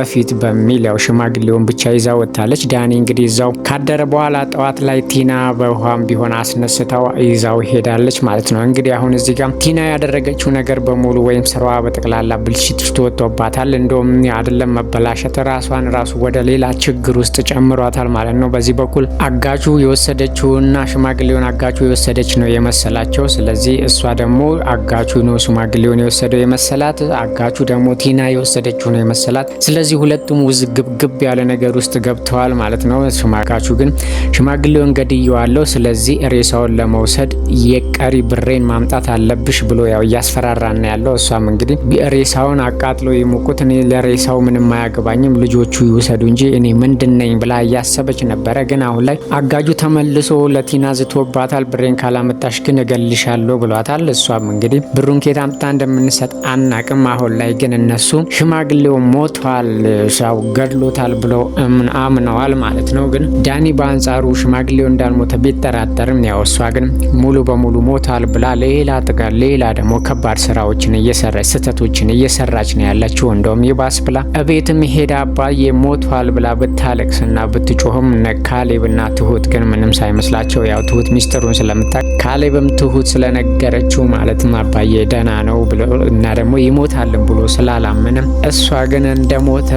በፊት በሚል ሽማግሌውን ብቻ ይዛ ወጥታለች። ዳኒ እንግዲህ እዛው ካደረ በኋላ ጠዋት ላይ ቲና በውሃም ቢሆን አስነስተው ይዛው ሄዳለች ማለት ነው። እንግዲህ አሁን እዚህ ጋር ቲና ያደረገችው ነገር በሙሉ ወይም ስራዋ በጠቅላላ ብልሽት ውስጥ ወጥቶባታል። እንደውም አይደለም መበላሸት ራሷን ራሱ ወደ ሌላ ችግር ውስጥ ጨምሯታል ማለት ነው። በዚህ በኩል አጋቹ የወሰደችውና ሽማግሌውን አጋቹ የወሰደች ነው የመሰላቸው። ስለዚህ እሷ ደግሞ አጋቹ ነው ሽማግሌውን የወሰደው የመሰላት፣ አጋቹ ደግሞ ቲና የወሰደችው ነው የመሰላት። ስለዚህ ስለዚህ ሁለቱም ውዝግብግብ ያለ ነገር ውስጥ ገብተዋል ማለት ነው። ሽማቃቹ ግን ሽማግሌው እንገድየዋለሁ፣ ስለዚህ ሬሳውን ለመውሰድ የቀሪ ብሬን ማምጣት አለብሽ ብሎ ያው እያስፈራራና ያለው እሷም እንግዲህ ሬሳውን አቃጥሎ የሞቁት እኔ ለሬሳው ምንም አያገባኝም ልጆቹ ይውሰዱ እንጂ እኔ ምንድን ነኝ ብላ እያሰበች ነበረ። ግን አሁን ላይ አጋጁ ተመልሶ ለቲና ዝቶባታል። ብሬን ካላመጣሽ ግን እገልሻለሁ ብሏታል። እሷም እንግዲህ ብሩን ኬት አምጥታ እንደምንሰጥ አናቅም። አሁን ላይ ግን እነሱ ሽማግሌው ሞቷል ሰው ገድሎታል ብሎ አምነዋል ማለት ነው። ግን ዳኒ በአንጻሩ ሽማግሌው እንዳልሞተ ቢጠራጠርም ያው እሷ ግን ሙሉ በሙሉ ሞታል ብላ ሌላ ጥጋር ሌላ ደግሞ ከባድ ስራዎችን እየሰራች ስህተቶችን እየሰራች ነው ያለችው። እንደውም ይባስ ብላ እቤትም ሄደ አባዬ ሞቷል ብላ ብታለቅስና ብትጮህም ካሌብና ትሁት ግን ምንም ሳይመስላቸው ያው ትሁት ሚስጥሩን ስለምታ ካሌብም ትሁት ስለነገረችው ማለትም አባዬ ደህና ነው እና ደግሞ ይሞታልን ብሎ ስላላምንም እሷ ግን እንደሞት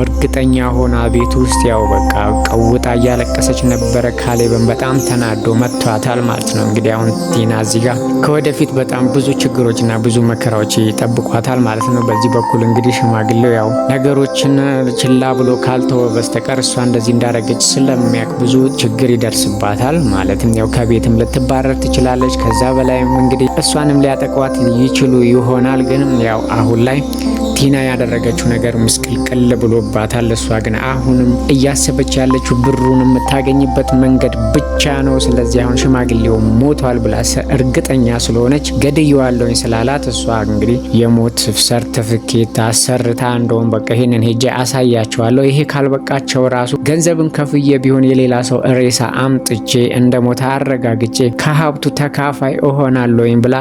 እርግጠኛ ሆና ቤት ውስጥ ያው በቃ ቀውጣ እያለቀሰች ነበረ። ካሌብን በጣም ተናዶ መጥቷታል ማለት ነው። እንግዲህ አሁን ቲና እዚህ ጋር ከወደፊት በጣም ብዙ ችግሮችና ብዙ መከራዎች ይጠብቋታል ማለት ነው። በዚህ በኩል እንግዲህ ሽማግሌው ያው ነገሮችን ችላ ብሎ ካልተወ በስተቀር እሷ እንደዚህ እንዳረገች ስለሚያውቅ ብዙ ችግር ይደርስባታል። ማለትም ያው ከቤትም ልትባረር ትችላለች። ከዛ በላይም እንግዲህ እሷንም ሊያጠቋት ይችሉ ይሆናል። ግን ያው አሁን ላይ ቲና ያደረገችው ነገር ምስቅልቅል ብሎባታል። እሷ ግን አሁንም እያሰበች ያለችው ብሩን የምታገኝበት መንገድ ብቻ ነው። ስለዚህ አሁን ሽማግሌው ሞቷል ብላ እርግጠኛ ስለሆነች ገድየዋለሁኝ ስላላት እሷ እንግዲህ የሞት ሰርተፍኬት አሰርታ እንደውም በቃ ይህንን ሄጄ አሳያቸዋለሁ፣ ይሄ ካልበቃቸው ራሱ ገንዘብን ከፍዬ ቢሆን የሌላ ሰው ሬሳ አምጥቼ እንደ ሞታ አረጋግጬ ከሀብቱ ተካፋይ እሆናለሁኝ ብላ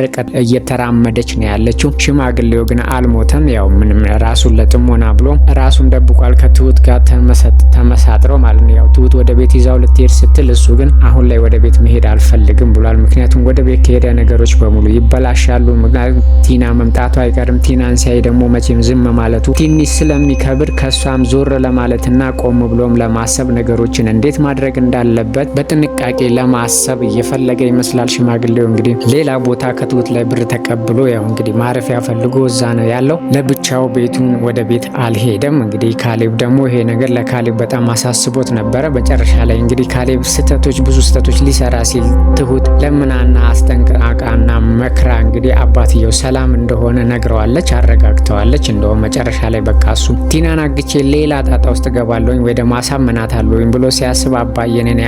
ርቀት እየተራመደች ነው ያለችው። ሽማግሌው ግን አልሞተም። ያው ምንም ራሱን ለጥሞና ብሎ ራሱን ደብቋል ከትሁት ጋር ተመሳጥረው ማለት ነው። ያው ትሁት ወደ ቤት ይዛው ልትሄድ ስትል እሱ ግን አሁን ላይ ወደ ቤት መሄድ አልፈልግም ብሏል። ምክንያቱም ወደ ቤት ከሄደ ነገሮች በሙሉ ይበላሻሉ። ምክንያቱም ቲና መምጣቱ አይቀርም። ቲናን ሲያይ ደግሞ መቼም ዝም ማለቱ ትንሽ ስለሚከብር ከእሷም ዞር ለማለትና ቆም ብሎም ለማሰብ ነገሮችን እንዴት ማድረግ እንዳለበት በጥንቃቄ ለማሰብ እየፈለገ ይመስላል ሽማግሌው እንግዲህ ሌላ ቦታ ከትሁት ላይ ብር ተቀብሎ ያው እንግዲህ ማረፊያ ፈልጎ እዛ ነው ያለው። ለብቻው ቤቱን ወደ ቤት አልሄደም። እንግዲህ ካሌብ ደግሞ ይሄ ነገር ለካሌብ በጣም አሳስቦት ነበረ። መጨረሻ ላይ እንግዲህ ካሌብ ስህተቶች ብዙ ስህተቶች ሊሰራ ሲል ትሁት ለምናና አስጠንቅቃና መክራ እንግዲህ አባትየው ሰላም እንደሆነ ነግረዋለች፣ አረጋግተዋለች። እንደውም መጨረሻ ላይ በቃ እሱ ቲናን አግቼ ሌላ ጣጣ ውስጥ ገባለሁኝ ወይ ደግሞ አሳምናታለሁኝ ብሎ ሲያስብ አባዬን እኔ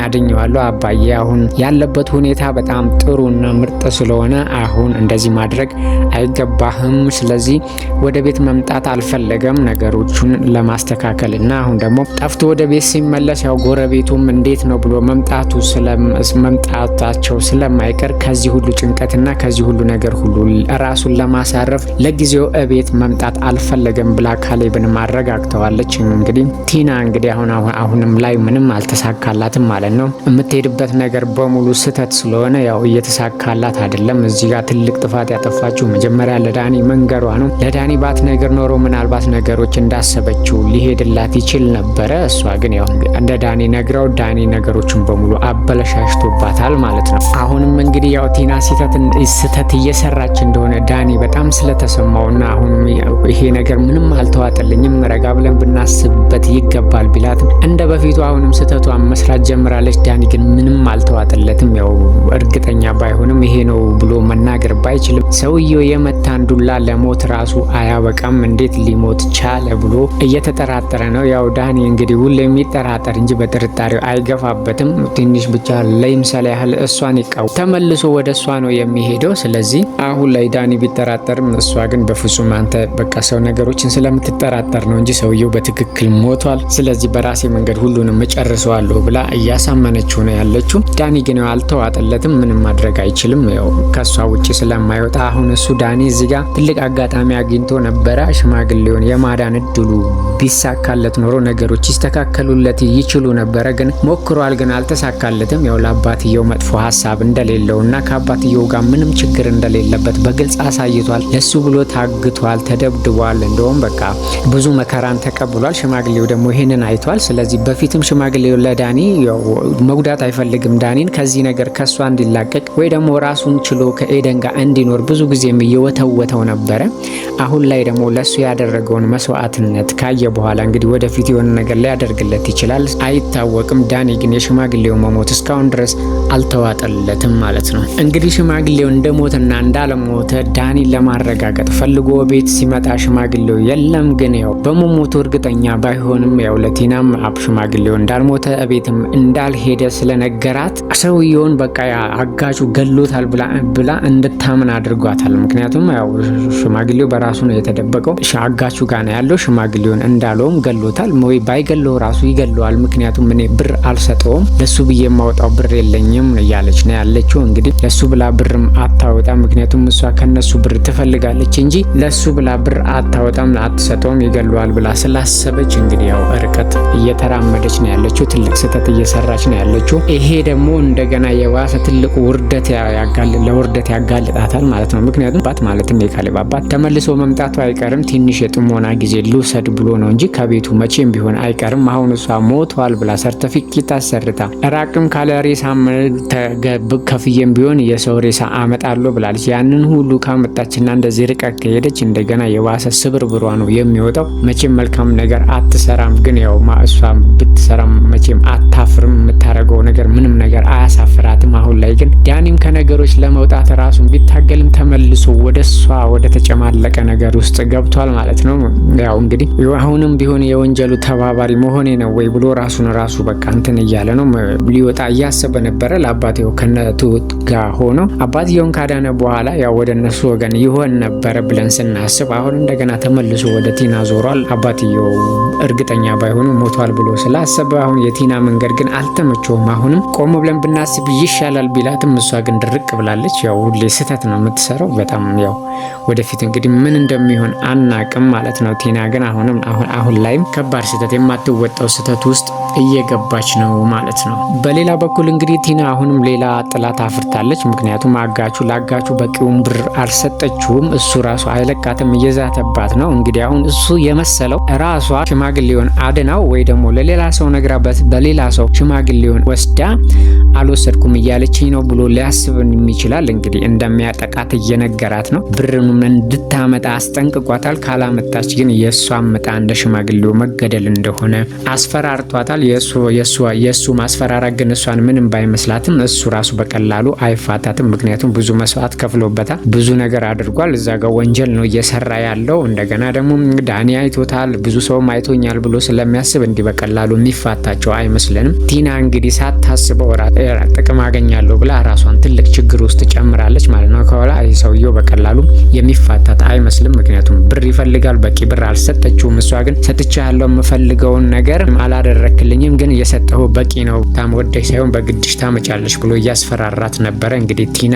አባዬ አሁን ያለበት ሁኔታ በጣም ጥሩና ምርጥ ስለሆነ አሁን እንደዚህ ማድረግ አይገባህም። ስለዚህ ወደ ቤት መምጣት አልፈለገም ነገሮቹን ለማስተካከል እና አሁን ደግሞ ጠፍቶ ወደ ቤት ሲመለስ ያው ጎረቤቱም እንዴት ነው ብሎ መምጣቱ መምጣታቸው ስለማይቀር ከዚህ ሁሉ ጭንቀትና ከዚህ ሁሉ ነገር ሁሉ ራሱን ለማሳረፍ ለጊዜው እቤት መምጣት አልፈለገም ብላ ካሌብንም ማረጋግተዋለች። እንግዲህ ቲና እንግዲህ አሁን አሁንም ላይ ምንም አልተሳካላትም ማለት ነው። የምትሄድበት ነገር በሙሉ ስህተት ስለሆነ ያው እየተሳካላት አይደለም። እዚህ እዚህ ጋር ትልቅ ጥፋት ያጠፋችው መጀመሪያ ለዳኒ መንገሯ ነው። ለዳኒ ነገር ኖሮ ምናልባት ነገሮች እንዳሰበችው ሊሄድላት ይችል ነበረ። እሷ ግን ያው እንደ ዳኒ ነግረው ዳኒ ነገሮችን በሙሉ አበለሻሽቶባታል ማለት ነው። አሁንም እንግዲህ ያው ቲና ስህተት እየሰራች እንደሆነ ዳኒ በጣም ስለተሰማውና አሁንም ይሄ ነገር ምንም አልተዋጠልኝም፣ ረጋ ብለን ብናስብበት ይገባል ቢላትም እንደ በፊቱ አሁንም ስህተቷን መስራት ጀምራለች። ዳኒ ግን ምንም አልተዋጠለትም። ያው እርግጠኛ ባይሆንም ይሄ ነው ብሎ ማናገር ባይችልም ሰውየው የመታን ዱላ ለሞት ራሱ አያበቃም፣ እንዴት ሊሞት ቻለ ብሎ እየተጠራጠረ ነው። ያው ዳኒ እንግዲህ ሁሉ የሚጠራጠር እንጂ በጥርጣሬው አይገፋበትም። ትንሽ ብቻ ለይምሰል ያህል እሷን ይቃው ተመልሶ ወደ እሷ ነው የሚሄደው። ስለዚህ አሁን ላይ ዳኒ ቢጠራጠርም፣ እሷ ግን በፍጹም አንተ በቃ ሰው ነገሮችን ስለምትጠራጠር ነው እንጂ ሰውየው በትክክል ሞቷል፣ ስለዚህ በራሴ መንገድ ሁሉንም እጨርሰዋለሁ ብላ እያሳመነችው ነው ያለችው። ዳኒ ግን አልተዋጠለትም። ምንም ማድረግ አይችልም። ያው ከእሷ ውጭ ስለማይወጣ አሁን እሱ ዳኒ እዚህ ጋር ትልቅ አጋጣሚ አግኝቶ ነበረ። ሽማግሌውን የማዳን እድሉ ቢሳካለት ኖሮ ነገሮች ይስተካከሉለት ይችሉ ነበረ። ግን ሞክሯል፣ ግን አልተሳካለትም። ያው ለአባትየው መጥፎ ሀሳብ እንደሌለው እና ከአባትየው ጋር ምንም ችግር እንደሌለበት በግልጽ አሳይቷል። ለሱ ብሎ ታግቷል፣ ተደብድቧል። እንደውም በቃ ብዙ መከራን ተቀብሏል። ሽማግሌው ደግሞ ይህንን አይቷል። ስለዚህ በፊትም ሽማግሌው ለዳኒ መጉዳት አይፈልግም ዳኒን ከዚህ ነገር ከእሷ እንዲላቀቅ ወይ ደግሞ ራሱን ችሎ ከኤደን ጋር እንዲኖር ብዙ ጊዜም እየወተወተው ነበረ። አሁን ላይ ደግሞ ለእሱ ያደረገውን መስዋዕትነት ካየ በኋላ እንግዲህ ወደፊት የሆነ ነገር ሊያደርግለት ይችላል፣ አይታወቅም። ዳኒ ግን የሽማግሌው መሞት እስካሁን ድረስ አልተዋጠለትም ማለት ነው። እንግዲህ ሽማግሌው እንደሞተና እንዳለሞተ ዳኒ ለማረጋገጥ ፈልጎ ቤት ሲመጣ ሽማግሌው የለም። ግን ያው በመሞቱ እርግጠኛ ባይሆንም ያው ለቲናም አብ ሽማግሌው እንዳልሞተ ቤትም እንዳልሄደ ስለነገራት ሰውየውን በቃ አጋጩ ገሎታል ብላ እንድታምን አድርጓታል። ምክንያቱም ያው ሽማግሌው በራሱ ነው የተደበቀው፣ አጋቹ ጋር ነው ያለው። ሽማግሌውን እንዳለውም ገሎታል። ወይ ባይገለው ራሱ ይገለዋል። ምክንያቱም እኔ ብር አልሰጠውም፣ ለሱ ብዬ የማወጣው ብር የለኝም እያለች ነው ያለችው። እንግዲህ ለሱ ብላ ብርም አታወጣም፣ ምክንያቱም እሷ ከነሱ ብር ትፈልጋለች እንጂ ለሱ ብላ ብር አታወጣም፣ አትሰጠውም፣ ይገለዋል ብላ ስላሰበች እንግዲህ ያው እርቀት እየተራመደች ነው ያለችው። ትልቅ ስህተት እየሰራች ነው ያለችው። ይሄ ደግሞ እንደገና የባሰ ትልቅ ውርደት ያጋል ለውርደት ለጥቃት ያጋልጣታል ማለት ነው። ምክንያቱም ባት ማለትም የካሌብ አባት ተመልሶ መምጣቱ አይቀርም ትንሽ የጥሞና ጊዜ ልውሰድ ብሎ ነው እንጂ ከቤቱ መቼም ቢሆን አይቀርም። አሁን እሷ ሞቷል ብላ ሰርተፊኬት አሰርታ ራቅም ካለ ሬሳ ከፍዬም ቢሆን የሰው ሬሳ አመጣለሁ ብላለች። ያንን ሁሉ ካመጣችና እንደዚህ ርቃ ከሄደች እንደገና የባሰ ስብርብሯ ነው የሚወጣው። መቼም መልካም ነገር አትሰራም፣ ግን ያው እሷ ብትሰራም መቼም አታፍርም። የምታደርገው ነገር ምንም ነገር አያሳፍራትም። አሁን ላይ ግን ዳኒም ከነገሮች ለመውጣት ራሱን ቢታገልም ተመልሶ ወደ እሷ ወደ ተጨማለቀ ነገር ውስጥ ገብቷል ማለት ነው። ያው እንግዲህ አሁንም ቢሆን የወንጀሉ ተባባሪ መሆኔ ነው ወይ ብሎ ራሱን ራሱ በቃ እንትን እያለ ነው ሊወጣ እያሰበ ነበረ። ለአባትየው ከነትሁት ጋር ሆኖ አባትየውን ካዳነ በኋላ ያው ወደ እነሱ ወገን ይሆን ነበረ ብለን ስናስብ አሁን እንደገና ተመልሶ ወደ ቲና ዞሯል። አባትየው እርግጠኛ ባይሆኑ ሞቷል ብሎ ስላሰበ አሁን የቲና መንገድ ግን አልተመቸውም። አሁንም ቆም ብለን ብናስብ ይሻላል ቢላትም እሷ ግን ድርቅ ብላለች ያው ሁሌ ስህተት ነው የምትሰራው። በጣም ያው ወደፊት እንግዲህ ምን እንደሚሆን አናቅም ማለት ነው። ቲና ግን አሁንም አሁን ላይም ከባድ ስህተት የማትወጣው ስህተት ውስጥ እየገባች ነው ማለት ነው። በሌላ በኩል እንግዲህ ቲና አሁንም ሌላ ጥላት አፍርታለች። ምክንያቱም አጋቹ ላጋቹ በቂውን ብር አልሰጠችውም። እሱ ራሱ አይለቃትም፣ እየዛተባት ነው። እንግዲህ አሁን እሱ የመሰለው ራሷ ሽማግሌውን አድናው ወይ ደግሞ ለሌላ ሰው ነግራበት በሌላ ሰው ሽማግሌውን ወስዳ አልወሰድኩም እያለችኝ ነው ብሎ ሊያስብም ይችላል እንግዲህ እንግዲህ እንደሚያጠቃት እየነገራት ነው። ብርንም እንድታመጣ አስጠንቅቋታል። ካላመጣች ግን የእሱ ምጣ እንደ ሽማግሌው መገደል እንደሆነ አስፈራርቷታል። የእሱ ማስፈራራ ግን እሷን ምንም ባይመስላትም እሱ ራሱ በቀላሉ አይፋታትም። ምክንያቱም ብዙ መስዋዕት ከፍሎበታል፣ ብዙ ነገር አድርጓል። እዛ ጋር ወንጀል ነው እየሰራ ያለው። እንደገና ደግሞ ዳኒ አይቶታል፣ ብዙ ሰውም አይቶኛል ብሎ ስለሚያስብ እንዲህ በቀላሉ የሚፋታቸው አይመስለንም። ቲና እንግዲህ ሳታስበው ጥቅም አገኛለሁ ብላ ራሷን ትልቅ ችግር ውስጥ ጨምራ ትችላለች ማለት ነው። ከኋላ ይህ ሰውየው በቀላሉ የሚፋታት አይመስልም። ምክንያቱም ብር ይፈልጋል። በቂ ብር አልሰጠችውም። እሷ ግን ሰጥቻ ያለው የምፈልገውን ነገር አላደረክልኝም፣ ግን የሰጠሁ በቂ ነው፣ ታምወደሽ ሳይሆን በግድሽ ታመጫለች ብሎ እያስፈራራት ነበረ። እንግዲህ ቲና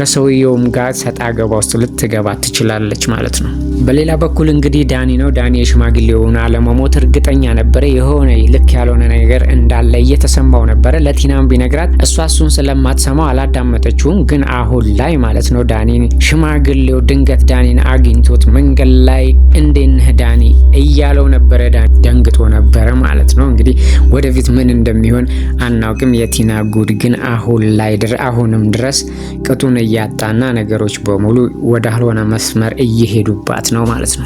ከሰውየውም ጋር ሰጣ ገባ ውስጥ ልትገባ ትችላለች ማለት ነው። በሌላ በኩል እንግዲህ ዳኒ ነው። ዳኒ የሽማግሌውን አለመሞት እርግጠኛ ነበረ። የሆነ ልክ ያልሆነ ነገር እንዳለ እየተሰማው ነበረ። ለቲናም ቢነግራት እሷ እሱን ስለማትሰማው አላዳመጠችውም። ግን አሁን ላይ ማለት ነው ዳኒን ሽማግሌው ድንገት ዳኒን አግኝቶት መንገድ ላይ እንዴት ነህ ዳኒ እያለው ነበረ። ዳኒ ደንግጦ ነበረ ማለት ነው። እንግዲህ ወደፊት ምን እንደሚሆን አናውቅም። የቲና ጉድ ግን አሁን ላይ አሁንም ድረስ ቅጡን እያጣና ነገሮች በሙሉ ወደ አልሆነ መስመር እየሄዱባት ነው ማለት ነው።